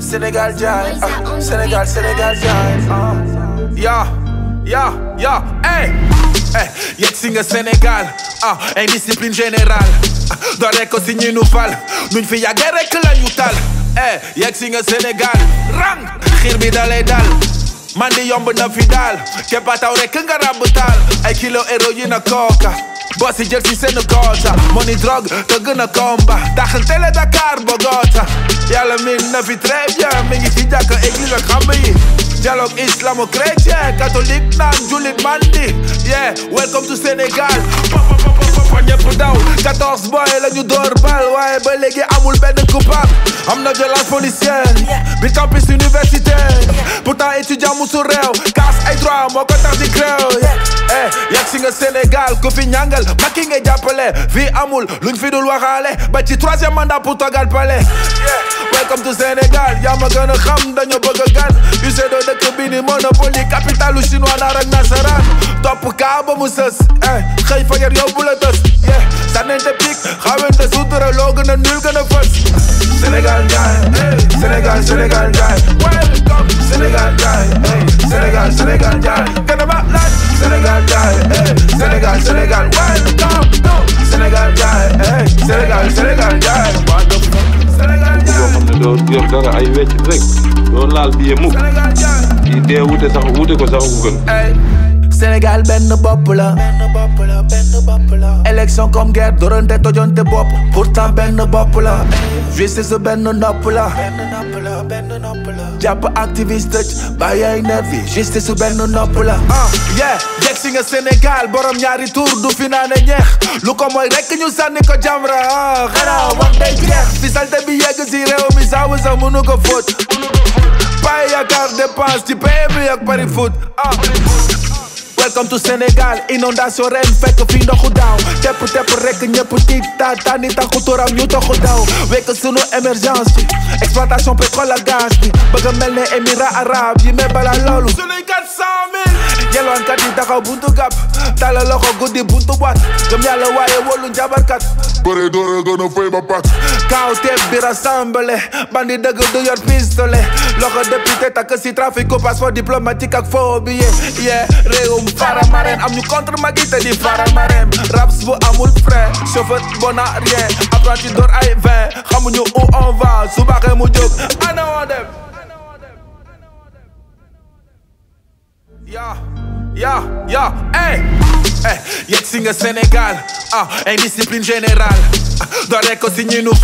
Senegal jive, uh, Senegal, Senegal jive, yeah, uh. yeah, yeah, hey, hey, yet singer Senegal, ah, uh, en discipline générale, uh, dans les consignes nous valent, nous ne faisons guère que la nous hey, yet singer Senegal, rang, kirby bidal et dal, Mandi yomb na Vidal Che pataure kanga rabutal Ai kilo heroïne coca Bossy jersey se nu goza Money drug, tăgă na comba Dacă tele da carbo bogota Ia la min na fi trebuie Mingi ti dacă egliza kambi Dialog islamo crece Catholic nan Juliet Mandi Yeah, welcome to Senegal Pa pa pa pa pa pa nye pudau 14 boy la ñu door bal Waaye ba léegi amul benn lycéenne campus universitaire Pourtant étudiant mu réew Casse ay droit moo ko tax eh yak singe Sénégal Kofi fi ma kinge nga Vi amoul amul luñ fi dul bati ba troisième mandat pour toi palais welcome to Sénégal yamagane ma gën a xam dañoo bëgg a gan UCD ou bi ni monopole capitalu chinois naar ak nasaraan topp kaa ba mu eh xëy fajar yóbbu la tës sànnente pik xawente sutura nul gën a Senegal guy, Senegal, Senegal guy. Welcome, Senegal guy, Senegal, Senegal guy. Get about that, Senegal guy, Senegal, Senegal. Welcome, Senegal guy, Senegal, Senegal guy. What the fuck? Senegal guy. dara ay wecc rek doo laal bi mukk di dee wute sax wute ko sax ku gën Sénégal Ben non, la élection comme guerre dorante tojante bop pourtant ben bop la justice ben nopp la jàpp activiste tëj bàyyi a nervi justice ben nopp la ah, yeah jeg Sénégal borom ñaari tour du final naa lu ko moy rek ñu sanni ko jamra ah xanaa day jeex Fisal bi mi ko paye garde passe, tu paye bi pari foot ah. Welcome to Senegal, inondatie ren, fekke vrienden goed down Teppen, teppen, rekken, njeppen, tit, ta, ta, niet aan kulturam, nu toch goed down Weken zonu emergentie, exploitation petrole gas Begemel Emira Arabi, me bala lolu Zulu kat samin Yelo an kat ni taka buntu gap Tala loko gudi buntu bat Gem yalo wolun jabar Body door gonna frame my pak Koud heb weer ensemble Bandie duggen doe je pistolen Loggen de pite takken si trafico Pas voor diplomatiek ak fobie Yeah, reum faramaren Am nu kontra magite di fara faramaren Raps bu amul fre Chauffeur bon à rien dor door ai vin Gamu où on va Subake mu juk I know them Yeah, yeah, yeah, hey! Eh, au Sénégal, ah, indiscipline générale. Ah, dans les consignes nous nou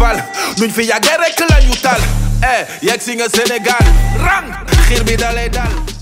nous ne faisons guerre que la tal. Eh, Yetzinger Sénégal, rang, Khirbi dal.